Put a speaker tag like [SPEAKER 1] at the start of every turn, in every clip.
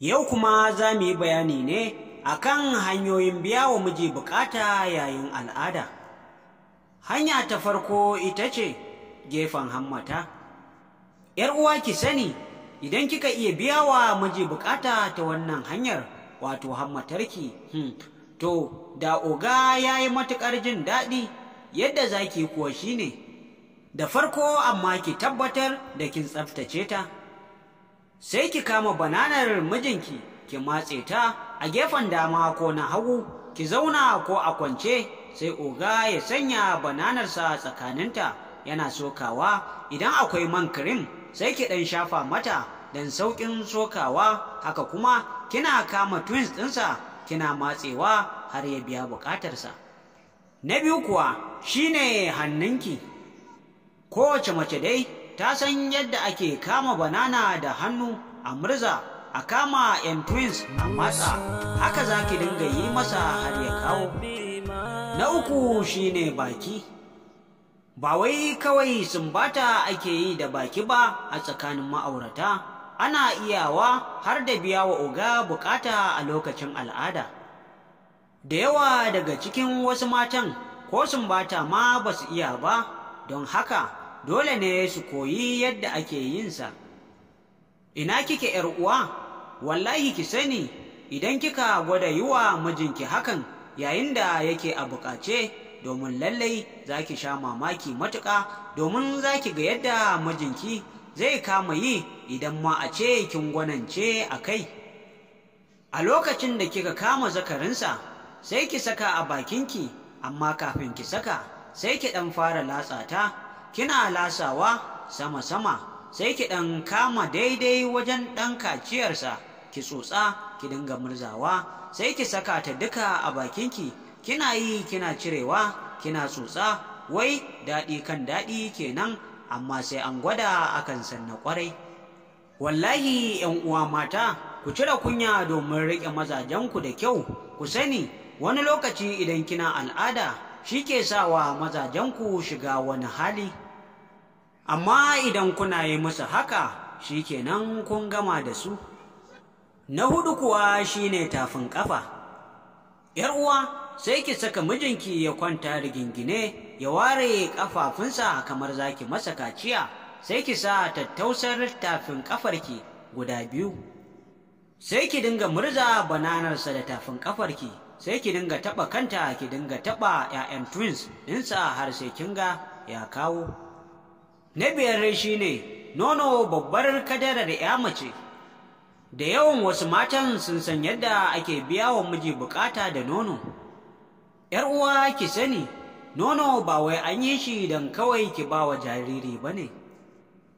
[SPEAKER 1] Yau kuma za mu yi bayani ne a kan hanyoyin biya wa miji bukata yayin al'ada. Hanya ta farko ita ce gefen hammata. ‘Yar uwa ki sani, idan kika iya biya wa miji bukata ta wannan hanyar, wato hammatarki, hmm, to, da oga ya yi matuƙar jin daɗi, yadda za ki kuwa shi ne. Da farko amma ki tabbatar da kin tsaftace ta. sai ki kama bananar mijinki ki matse ta a gefen dama ko na hagu ki zauna ko a kwance sai oga ya sanya bananarsa tsakaninta yana sokawa idan akwai man kirim sai ki ɗan shafa mata dan sauƙin sokawa haka kuma kina kama twins ɗinsa kina matsewa har ya biya buƙatarsa na biyu kuwa shine hannunki kowace mace dai ta san yadda ake kama banana da hannu a murza a kama yan twins a matsa haka za ki dinga yi masa har ya kawo na uku shine baki ba wai kawai sumbata ake yi da baki ba a tsakanin ma'aurata ana iyawa har da biya wa oga bukata a lokacin al'ada da yawa daga cikin wasu matan ko sumbata ma ba su iya ba don haka dole ne su koyi yadda ake yinsa. Ina kike ‘yar uwa, wallahi ki sani idan kika gwada yi wa mijinki hakan yayin da yake a bukace domin lallai za ki sha mamaki matuƙa domin za ki ga yadda mijinki zai kama yi idan ma a ce kin gwanance a kai. A lokacin da kika kama zakarinsa, sai ki saka a bakinki, amma kafin ki saka, sai ki ɗan fara latsa ta kina lasawa sama-sama sai ki ɗan kama daidai wajen ɗan kaciyarsa ki tsotsa ki dinga murzawa sai ki saka ta duka a bakinki kina yi kina cirewa kina tsotsa wai daɗi kan daɗi kenan amma sai an gwada akan sanna ƙwarai wallahi yan uwa mata ku cire kunya domin riƙe mazajenku da kyau ku sani wani lokaci idan kina al'ada shi ke sawa mazajenku shiga wani hali amma idan kuna yi musu haka shi kenan kun gama da su na hudu kuwa shine tafin kafa yar uwa sai ki saka mijinki ya kwanta rigingine ya ware kafafunsa kamar zaki masa kaciya sai ki sa tattausar tafin kafarki guda biyu sai ki dinga murza bananarsa da tafin kafarki sai ki dinga taɓa kanta ki dinga taɓa 'ya'yan twins ɗinsa har sai kin ga ya kawo na biyar ne, nono babbar kadarar 'ya mace da yawan wasu matan sun san yadda ake biya wa miji bukata da nono ‘yar uwa ki sani nono ba wai an yi shi don kawai ki ba wa jariri ba ne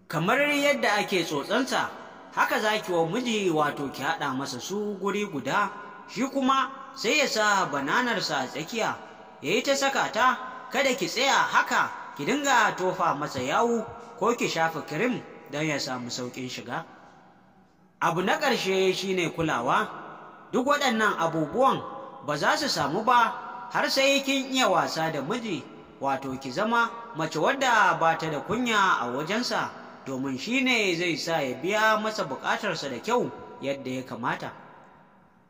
[SPEAKER 1] kamar yadda ake tsotsansa haka za ki wa miji wato ki haɗa masa su guri guda shi kuma sai ya sa bananarsa a tsakiya ya yi ta saka ta kada ki tsaya haka ki dinga tofa masa yawu ko ki shafa kirim don ya samu sauƙin shiga abu na ƙarshe shine kulawa duk waɗannan abubuwan ba za su samu ba har sai kin iya wasa da miji wato ki zama mace wadda ba ta da kunya a wajensa domin shi ne zai sa ya biya masa bukatarsa da kyau yadda ya kamata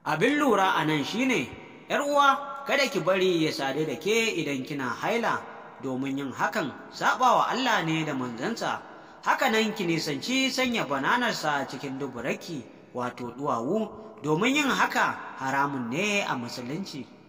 [SPEAKER 1] abin lura a nan shi ne uwa kada ki bari ya sadu da ke idan kina haila domin yin hakan saɓawa Allah ne da manzansa haka nan ki nisanci sanya bananarsa cikin duburaki wato duwawu domin yin haka haramun ne a musulunci.